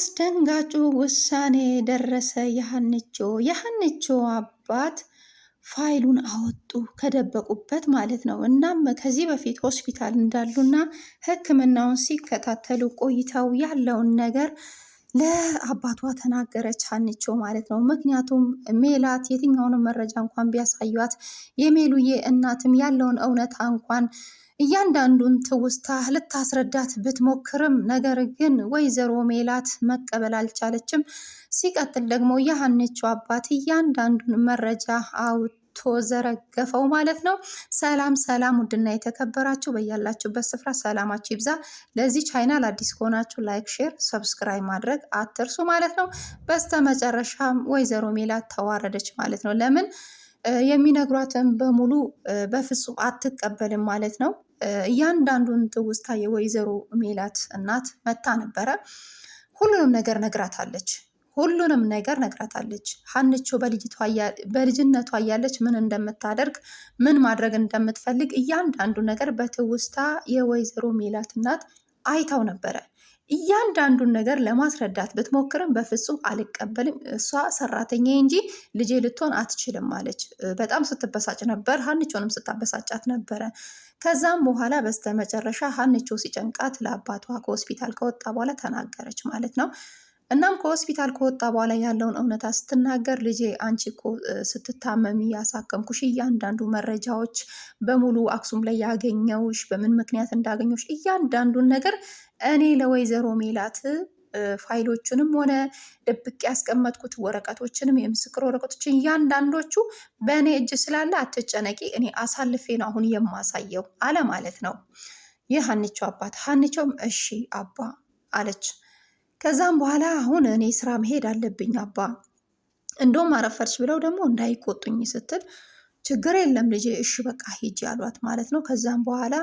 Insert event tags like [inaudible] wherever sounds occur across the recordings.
አስደንጋጩ ውሳኔ ደረሰ። የሀንቾ የሀንቾ አባት ፋይሉን አወጡ ከደበቁበት ማለት ነው። እናም ከዚህ በፊት ሆስፒታል እንዳሉና ሕክምናውን ሲከታተሉ ቆይተው ያለውን ነገር ለአባቷ ተናገረች ሀኒቾ ማለት ነው። ምክንያቱም ሜላት የትኛውንም መረጃ እንኳን ቢያሳዩት የሜሉዬ እናትም ያለውን እውነታ እንኳን እያንዳንዱን ትውስታ ልታስረዳት ብትሞክርም ነገር ግን ወይዘሮ ሜላት መቀበል አልቻለችም። ሲቀጥል ደግሞ የሀኒቾ አባት እያንዳንዱን መረጃ አውጥ ተዘረገፈው ማለት ነው። ሰላም ሰላም፣ ውድና የተከበራችሁ በያላችሁበት ስፍራ ሰላማችሁ ይብዛ። ለዚህ ቻይናል አዲስ ከሆናችሁ ላይክ፣ ሼር፣ ሰብስክራይብ ማድረግ አትርሱ ማለት ነው። በስተመጨረሻ ወይዘሮ ሜላት ተዋረደች ማለት ነው። ለምን የሚነግሯትን በሙሉ በፍጹም አትቀበልም ማለት ነው። እያንዳንዱን ትውስታ የወይዘሮ ሜላት እናት መታ ነበረ። ሁሉንም ነገር ነግራታለች። ሁሉንም ነገር ነግራታለች። ሀንቾ በልጅነቷ እያለች ምን እንደምታደርግ ምን ማድረግ እንደምትፈልግ እያንዳንዱ ነገር በትውስታ የወይዘሮ ሜላት እናት አይታው ነበረ። እያንዳንዱን ነገር ለማስረዳት ብትሞክርም በፍጹም አልቀበልም፣ እሷ ሰራተኛ እንጂ ልጄ ልትሆን አትችልም አለች። በጣም ስትበሳጭ ነበር። ሀንቾንም ስታበሳጫት ነበረ። ከዛም በኋላ በስተመጨረሻ ሀንቾ ሲጨንቃት ለአባቷ ከሆስፒታል ከወጣ በኋላ ተናገረች ማለት ነው። እናም ከሆስፒታል ከወጣ በኋላ ያለውን እውነታ ስትናገር ልጄ አንቺ እኮ ስትታመሚ ያሳከምኩሽ እያንዳንዱ መረጃዎች በሙሉ አክሱም ላይ ያገኘውሽ በምን ምክንያት እንዳገኘውሽ እያንዳንዱን ነገር እኔ ለወይዘሮ ሜላት ፋይሎቹንም ሆነ ደብቅ ያስቀመጥኩት ወረቀቶችንም የምስክር ወረቀቶችን እያንዳንዶቹ በእኔ እጅ ስላለ አትጨነቂ፣ እኔ አሳልፌ ነው አሁን የማሳየው አለ ማለት ነው። ይህ ሀኒቾ አባት ሀኒቾም እሺ አባ አለች። ከዛም በኋላ አሁን እኔ ስራ መሄድ አለብኝ አባ፣ እንደውም አረፈርሽ ብለው ደግሞ እንዳይቆጡኝ ስትል ችግር የለም ልጄ፣ እሺ በቃ ሂጂ አሏት ማለት ነው። ከዛም በኋላ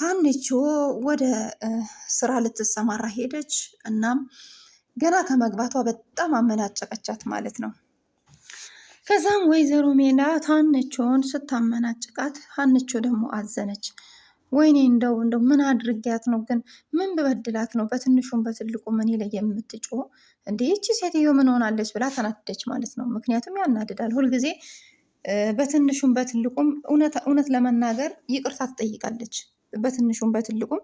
ሀንቾ ወደ ስራ ልትሰማራ ሄደች። እናም ገና ከመግባቷ በጣም አመናጨቀቻት ማለት ነው። ከዛም ወይዘሮ ሜላት ሀኒቾን ስታመናጭቃት ሀንቾ ደግሞ አዘነች። ወይኔ እንደው እንደው ምን አድርጊያት ነው ግን ምን ብበድላት ነው በትንሹም በትልቁ እኔ ላይ የምትጮ እንዴ? ይቺ ሴትዮ ምን ሆናለች ብላ ተናደደች ማለት ነው። ምክንያቱም ያናድዳል ሁልጊዜ በትንሹም በትልቁም እውነት ለመናገር ይቅርታ ትጠይቃለች። በትንሹም በትልቁም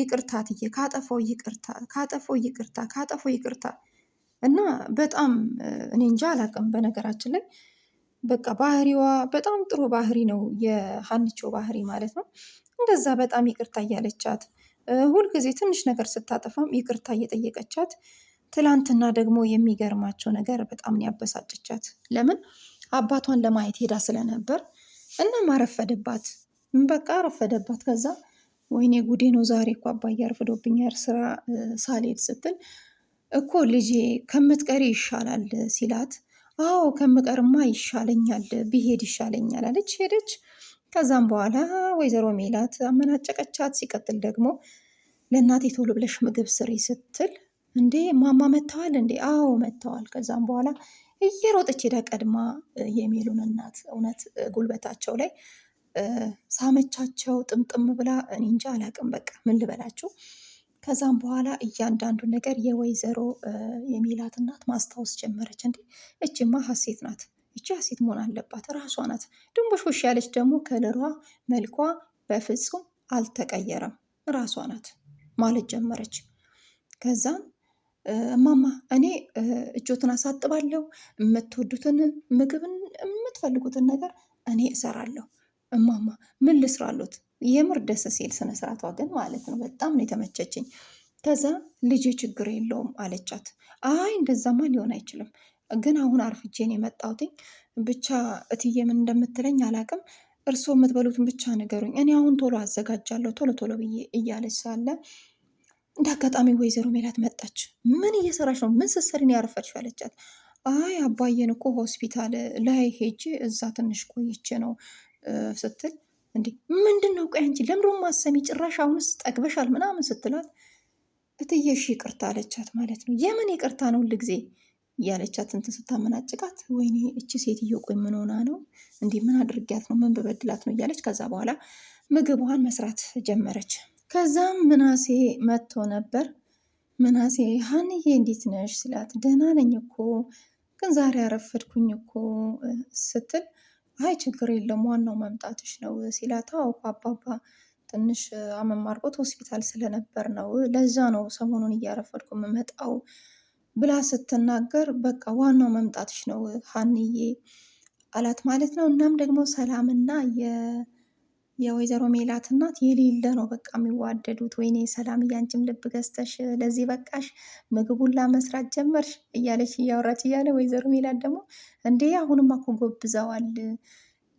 ይቅርታ ትዬ ካጠፈው ይቅርታ ካጠፈው ይቅርታ ካጠፈው ይቅርታ እና በጣም እኔ እንጃ አላውቅም። በነገራችን ላይ በቃ ባህሪዋ በጣም ጥሩ ባህሪ ነው የሀንቾ ባህሪ ማለት ነው። እንደዛ በጣም ይቅርታ እያለቻት ሁልጊዜ ትንሽ ነገር ስታጠፋም ይቅርታ እየጠየቀቻት ትላንትና ደግሞ የሚገርማቸው ነገር በጣም ያበሳጭቻት ለምን አባቷን ለማየት ሄዳ ስለነበር እናም አረፈደባት። በቃ አረፈደባት። ከዛ ወይኔ ጉዴ ነው ዛሬ እኮ አባዬ አርፍዶብኛል ስራ ሳልሄድ ስትል እኮ ልጄ ከምትቀሪ ይሻላል ሲላት፣ አዎ ከምቀርማ ይሻለኛል ብሄድ ይሻለኛል አለች። ሄደች። ከዛም በኋላ ወይዘሮ ሜላት አመናጨቀቻት። ሲቀጥል ደግሞ ለእናቴ ቶሎ ብለሽ ምግብ ስሪ ስትል እንዴ ማማ መጥተዋል እንዴ? አዎ መጥተዋል። ከዛም በኋላ እየሮጠች ሄዳ ቀድማ የሚሉን እናት እውነት ጉልበታቸው ላይ ሳመቻቸው ጥምጥም ብላ እኔ እንጃ አላቅም፣ በቃ ምን ልበላችሁ። ከዛም በኋላ እያንዳንዱ ነገር የወይዘሮ የሚላት እናት ማስታወስ ጀመረች። እንዴ እችማ ሀሴት ናት ይቺ ሴት መሆን አለባት። ራሷ ናት። ድንቦሽቦሽ ያለች ደግሞ ከለሯ፣ መልኳ በፍጹም አልተቀየረም። ራሷ ናት ማለት ጀመረች። ከዛም እማማ እኔ እጆትን አሳጥባለሁ፣ የምትወዱትን ምግብን፣ የምትፈልጉትን ነገር እኔ እሰራለሁ። እማማ ምን ልስራሉት? የምር ደስ ሲል ስነስርዓቷ ግን ማለት ነው በጣም ነው የተመቸችኝ። ከዛ ልጄ ችግር የለውም አለቻት። አይ እንደዛማ ሊሆን አይችልም ግን አሁን አርፍጄ የመጣውትኝ ብቻ እትዬ ምን እንደምትለኝ አላቅም። እርስዎ የምትበሉትን ብቻ ንገሩኝ፣ እኔ አሁን ቶሎ አዘጋጃለሁ ቶሎ ቶሎ ብዬ እያለች ሳለ እንደ አጋጣሚ ወይዘሮ ሜላት መጣች። ምን እየሰራች ነው? ምን ስትሰሪ ነው ያረፈድሽው? አለቻት። አይ አባዬን እኮ ሆስፒታል ላይ ሄጄ እዛ ትንሽ ቆይቼ ነው ስትል እንዴ ምንድን ነው? ቆይ አንቺ ለምዶ ማሰሚ ጭራሽ አሁንስ ጠግበሻል ምናምን ስትላት እትዬ ይቅርታ አለቻት ማለት ነው። የምን ይቅርታ ነው ሁልጊዜ እያለቻት እንትን ስታመናጭቃት፣ ወይኔ እቺ ሴትዮ ቆይ ምን ሆና ነው እንዲህ ምን አድርጊያት ነው ምን በበድላት ነው እያለች ከዛ በኋላ ምግቧን መስራት ጀመረች። ከዛም ምናሴ መጥቶ ነበር። ምናሴ ሀንዬ እንዴት ነሽ ስላት፣ ደህና ነኝ እኮ ግን ዛሬ አረፈድኩኝ እኮ ስትል፣ አይ ችግር የለም ዋናው መምጣትሽ ነው ሲላት፣ አዎ አባባ ትንሽ አመም ሆስፒታል ስለነበር ነው ለዛ ነው ሰሞኑን እያረፈድኩ የምመጣው ብላ ስትናገር በቃ ዋናው መምጣትሽ ነው ሀንዬ አላት ማለት ነው። እናም ደግሞ ሰላምና የወይዘሮ ሜላት እናት የሌለ ነው በቃ የሚዋደዱት። ወይኔ ሰላም እያንችም ልብ ገዝተሽ ለዚህ በቃሽ፣ ምግቡን ላመስራት ጀመርሽ እያለች እያወራች እያለ ወይዘሮ ሜላት ደግሞ እንዴ አሁንም አኮ ጎብዘዋል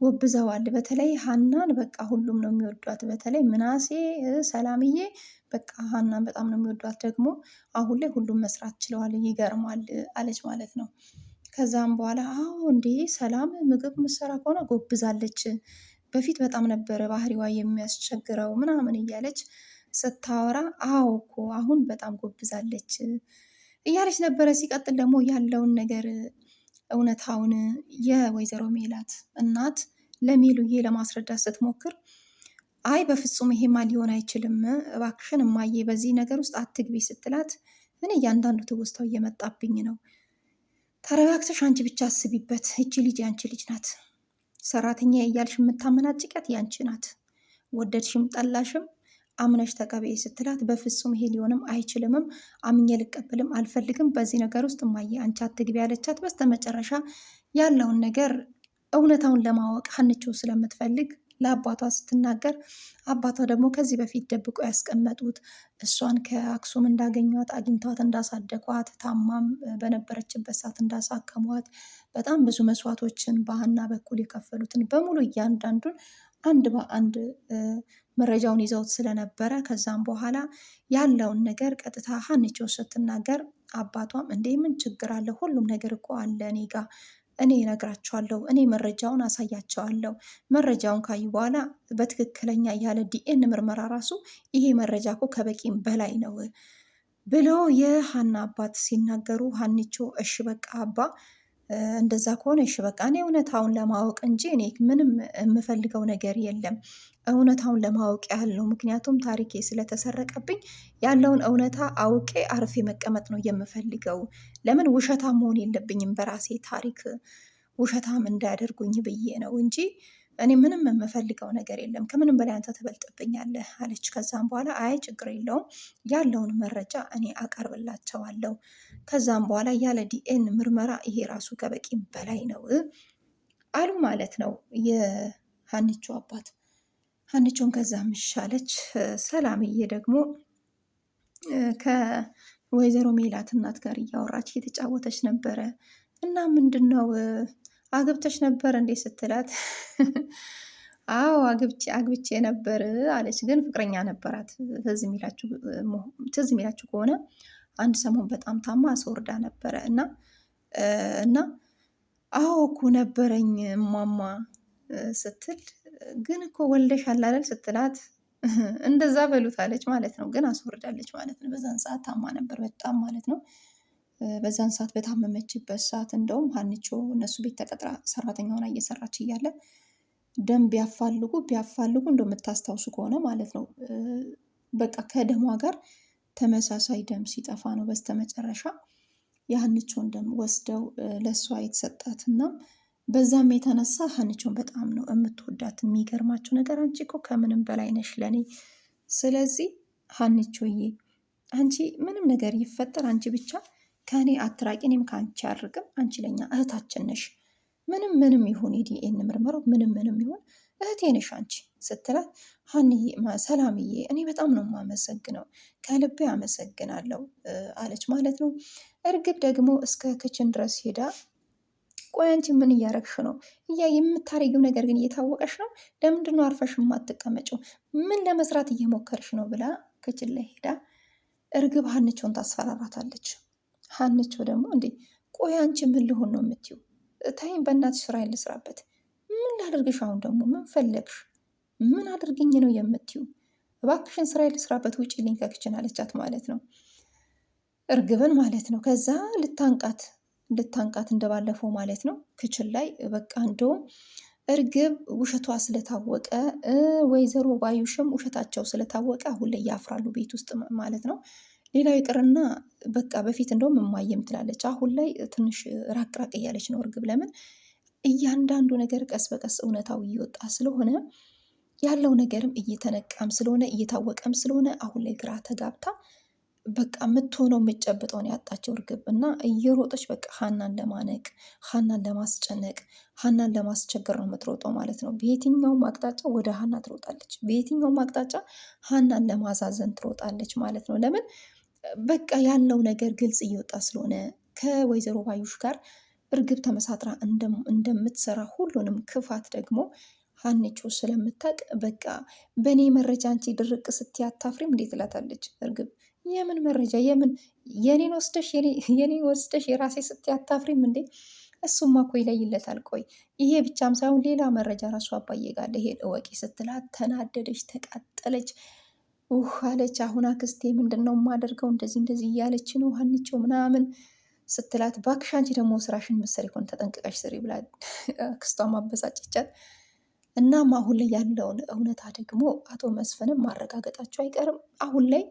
ጎብዘዋል። በተለይ ሀናን በቃ ሁሉም ነው የሚወዷት። በተለይ ምናሴ፣ ሰላምዬ በቃ ሀናን በጣም ነው የሚወዷት። ደግሞ አሁን ላይ ሁሉም መስራት ችለዋል። ይገርማል አለች ማለት ነው። ከዛም በኋላ አዎ እንዴ ሰላም ምግብ ምሰራ ከሆነ ጎብዛለች። በፊት በጣም ነበረ ባህሪዋ የሚያስቸግረው ምናምን እያለች ስታወራ አዎ እኮ አሁን በጣም ጎብዛለች እያለች ነበረ። ሲቀጥል ደግሞ ያለውን ነገር እውነታውን የወይዘሮ ሜላት እናት ለሜሉዬ ለማስረዳት ስትሞክር አይ በፍጹም ይሄማ ሊሆን አይችልም፣ እባክሽን እማዬ በዚህ ነገር ውስጥ አትግቢ ስትላት እኔ እያንዳንዱ ትውስታው እየመጣብኝ ነው። ተረጋግተሽ አንቺ ብቻ አስቢበት። እቺ ልጅ ያንቺ ልጅ ናት። ሰራተኛ እያልሽ ጭቀት ያንቺ ናት። ወደድሽም ጠላሽም አምነሽ ተቀበይ ስትላት በፍጹም ይሄ ሊሆንም አይችልምም፣ አምኜ ልቀበልም አልፈልግም። በዚህ ነገር ውስጥ እማዬ አንቺ አትግቢ ያለቻት በስተመጨረሻ ያለውን ነገር እውነታውን ለማወቅ ሀንቾ ስለምትፈልግ ለአባቷ ስትናገር አባቷ ደግሞ ከዚህ በፊት ደብቆ ያስቀመጡት እሷን ከአክሱም እንዳገኟት አግኝቷት እንዳሳደጓት ታማም በነበረችበት ሰዓት እንዳሳከሟት በጣም ብዙ መስዋዕቶችን በሀና በኩል የከፈሉትን በሙሉ እያንዳንዱን አንድ በአንድ መረጃውን ይዘውት ስለነበረ ከዛም በኋላ ያለውን ነገር ቀጥታ ሀንቾ ስትናገር አባቷም እንዴ ምን ችግር አለ? ሁሉም ነገር እኮ አለ እኔ እኔ እነግራቸዋለሁ፣ እኔ መረጃውን አሳያቸዋለሁ። መረጃውን ካዩ በኋላ በትክክለኛ ያለ ዲኤን ምርመራ ራሱ ይሄ መረጃ እኮ ከበቂም በላይ ነው ብሎ የሀና አባት ሲናገሩ ሀኒቾ እሺ በቃ አባ እንደዛ ከሆነ እሺ በቃ እኔ እውነታውን ለማወቅ እንጂ እኔ ምንም የምፈልገው ነገር የለም። እውነታውን ለማወቅ ያህል ነው። ምክንያቱም ታሪኬ ስለተሰረቀብኝ ያለውን እውነታ አውቄ አርፌ መቀመጥ ነው የምፈልገው። ለምን ውሸታም መሆን የለብኝም በራሴ ታሪክ ውሸታም እንዳያደርጉኝ ብዬ ነው እንጂ እኔ ምንም የምፈልገው ነገር የለም ከምንም በላይ አንተ ትበልጥብኛለህ አለች። ከዛም በኋላ አይ ችግር የለውም ያለውን መረጃ እኔ አቀርብላቸዋለሁ። ከዛም በኋላ ያለ ዲኤን ምርመራ ይሄ ራሱ ከበቂ በላይ ነው አሉ ማለት ነው የሀኒቾ አባት። ሀኒቾን ከዛ ምሻለች። ሰላምዬ ደግሞ ከወይዘሮ ሜላት እናት ጋር እያወራች እየተጫወተች ነበረ እና ምንድን ነው አግብተሽ ነበር እንዴ ስትላት፣ አዎ አግብቼ አግብቼ ነበር አለች። ግን ፍቅረኛ ነበራት። ትዝ የሚላችሁ ከሆነ አንድ ሰሞን በጣም ታማ አስወርዳ ነበረ እና እና አዎ እኮ ነበረኝ እማማ ስትል፣ ግን እኮ ወልደሽ አላለል ስትላት፣ እንደዛ በሉት አለች ማለት ነው። ግን አስወርዳለች ማለት ነው። በዛን ሰዓት ታማ ነበር በጣም ማለት ነው። በዛን ሰዓት በታመመችበት ሰዓት እንደውም ሀንቾ እነሱ ቤት ተቀጥራ ሰራተኛ ሆና እየሰራች እያለ ደም ቢያፋልጉ ቢያፋልጉ እንደው የምታስታውሱ ከሆነ ማለት ነው በቃ ከደሟ ጋር ተመሳሳይ ደም ሲጠፋ ነው በስተመጨረሻ የሀንቾን ደም ወስደው ለእሷ የተሰጣት እና በዛም የተነሳ ሀንቾን በጣም ነው የምትወዳት። የሚገርማቸው ነገር አንቺ እኮ ከምንም በላይ ነሽ ለኔ። ስለዚህ ሀንቾዬ አንቺ ምንም ነገር ይፈጠር አንቺ ብቻ ከእኔ አትራቂ፣ እኔም ከአንቺ አርቅም። አንቺ ለኛ እህታችን ነሽ። ምንም ምንም ይሁን የዲኤን ምርመራው ምንም ምንም ይሁን እህቴ ነሽ አንቺ ስትላት፣ ሀንዬ ሰላምዬ፣ እኔ በጣም ነው የማመሰግነው፣ ከልቤ አመሰግናለሁ አለች ማለት ነው። እርግብ ደግሞ እስከ ክችን ድረስ ሄዳ ቆይ አንቺ ምን እያረግሽ ነው? እያ የምታረጊው ነገር ግን እየታወቀሽ ነው። ለምንድን ነው አርፈሽ የማትቀመጭው? ምን ለመስራት እየሞከርሽ ነው? ብላ ክችን ላይ ሄዳ እርግብ ሀንቸውን ታስፈራራታለች። ሀንቾ ደግሞ እንዴ ቆይ አንቺ ምን ልሆን ነው የምትይው? ታይም በእናትሽ ስራ ልስራበት። ምን ላድርግሽ? አሁን ደግሞ ምን ፈለግሽ? ምን አድርግኝ ነው የምትይው? እባክሽን ስራ ልስራበት፣ ውጭ ሊንከክችን አለቻት ማለት ነው እርግብን ማለት ነው። ከዛ ልታንቃት ልታንቃት እንደባለፈው ማለት ነው ክችል ላይ በቃ እንደውም እርግብ ውሸቷ ስለታወቀ ወይዘሮ ባዩሽም ውሸታቸው ስለታወቀ አሁን ላይ ያፍራሉ ቤት ውስጥ ማለት ነው። ሌላው ይቅርና በቃ በፊት እንደውም እማዬም ትላለች፣ አሁን ላይ ትንሽ ራቅ ራቅ እያለች ነው እርግብ። ለምን እያንዳንዱ ነገር ቀስ በቀስ እውነታው እየወጣ ስለሆነ ያለው ነገርም እየተነቃም ስለሆነ እየታወቀም ስለሆነ አሁን ላይ ግራ ተጋብታ በቃ የምትሆነው የምትጨብጠውን ያጣቸው እርግብ እና እየሮጠች በቃ ሀናን ለማነቅ ሀናን ለማስጨነቅ ሀናን ለማስቸገር ነው የምትሮጠው ማለት ነው። በየትኛውም አቅጣጫ ወደ ሀና ትሮጣለች፣ በየትኛውም አቅጣጫ ሀናን ለማዛዘን ትሮጣለች ማለት ነው። ለምን በቃ ያለው ነገር ግልጽ እየወጣ ስለሆነ ከወይዘሮ ባዩሽ ጋር እርግብ ተመሳጥራ እንደምትሰራ ሁሉንም ክፋት ደግሞ ሀንቾ ስለምታውቅ በቃ በእኔ መረጃ አንቺ ድርቅ ስትይ አታፍሪም እንዴት ትላታለች እርግብ። የምን መረጃ የምን የኔን ወስደሽ [laughs] የኔን ወስደሽ የራሴ ስትይ አታፍሪም እንዴ? እሱማ እኮ ይለይለታል። ቆይ ይሄ ብቻም ሳይሆን ሌላ መረጃ ራሱ አባዬ ጋር ይሄን እወቂ ስትላት ተናደደች፣ ተቃጠለች። ውህ አለች። አሁን አክስቴ ምንድን ነው የማደርገው? እንደዚህ እንደዚህ እያለች ነው ሀኒቸው ምናምን ስትላት፣ እባክሽ አንቺ ደግሞ ስራሽን መሰሪ ሆን ተጠንቅቀሽ ስሪ ብላ አክስቷ ማበሳጨቻት። እናም አሁን ላይ ያለውን እውነታ ደግሞ አቶ መስፍንም ማረጋገጣቸው አይቀርም። አሁን ላይ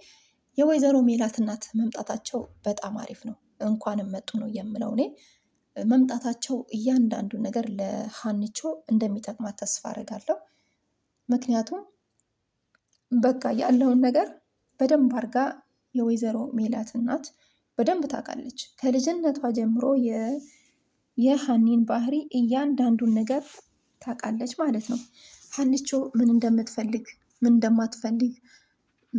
የወይዘሮ ሜላት እናት መምጣታቸው በጣም አሪፍ ነው። እንኳንም መጡ ነው የምለው እኔ። መምጣታቸው እያንዳንዱ ነገር ለሀኒቾ እንደሚጠቅማት ተስፋ አደርጋለሁ። ምክንያቱም በቃ ያለውን ነገር በደንብ አድርጋ የወይዘሮ ሜላት እናት በደንብ ታውቃለች። ከልጅነቷ ጀምሮ የሀኒን ባህሪ እያንዳንዱን ነገር ታውቃለች ማለት ነው። ሀንቾ ምን እንደምትፈልግ፣ ምን እንደማትፈልግ፣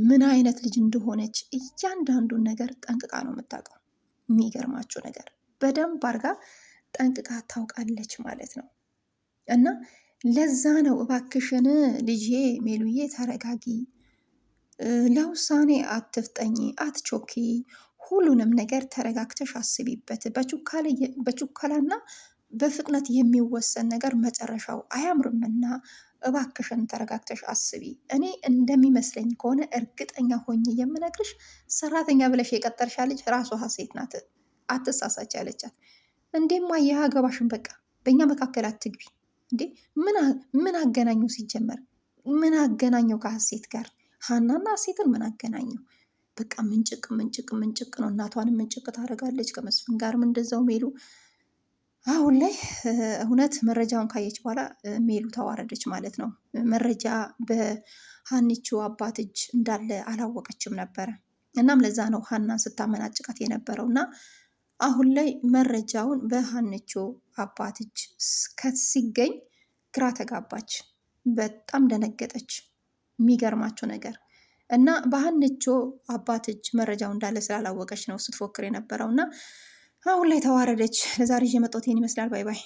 ምን አይነት ልጅ እንደሆነች እያንዳንዱን ነገር ጠንቅቃ ነው የምታውቀው። የሚገርማችሁ ነገር በደንብ አድርጋ ጠንቅቃ ታውቃለች ማለት ነው እና ለዛ ነው እባክሽን ልጄ ሜሉዬ ተረጋጊ፣ ለውሳኔ አትፍጠኝ፣ አትቾኪ፣ ሁሉንም ነገር ተረጋግተሽ አስቢበት። በችኮላና በፍጥነት የሚወሰን ነገር መጨረሻው አያምርምና እባክሽን ተረጋግተሽ አስቢ። እኔ እንደሚመስለኝ ከሆነ እርግጠኛ ሆኜ የምነግርሽ ሰራተኛ ብለሽ የቀጠርሻ ልጅ ራሷ ሀሴት ናት፣ አትሳሳች ያለቻት። እንዴማ የሀገባሽን በቃ በእኛ መካከል አትግቢ እንዴ ምን አገናኘው? ሲጀመር ምን አገናኘው ከሀሴት ጋር? ሀናና ሀሴትን ምን አገናኘው? በቃ ምንጭቅ ምንጭቅ ምንጭቅ ነው። እናቷንም ምንጭቅ ታደርጋለች። ከመስፍን ጋርም እንደዛው ሜሉ አሁን ላይ እውነት መረጃውን ካየች በኋላ ሜሉ ተዋረደች ማለት ነው። መረጃ በሀኒቹ አባት እጅ እንዳለ አላወቀችም ነበረ። እናም ለዛ ነው ሀናን ስታመናጭቃት የነበረው እና አሁን ላይ መረጃውን በሀንቾ አባት እጅ ሲገኝ ግራ ተጋባች፣ በጣም ደነገጠች። የሚገርማቸው ነገር እና በሀንቾ አባት እጅ መረጃው እንዳለ ስላላወቀች ነው ስትፎክር የነበረው እና አሁን ላይ ተዋረደች። ለዛሬ ይዤ መጣሁት ይመስላል። ባይ ባይ።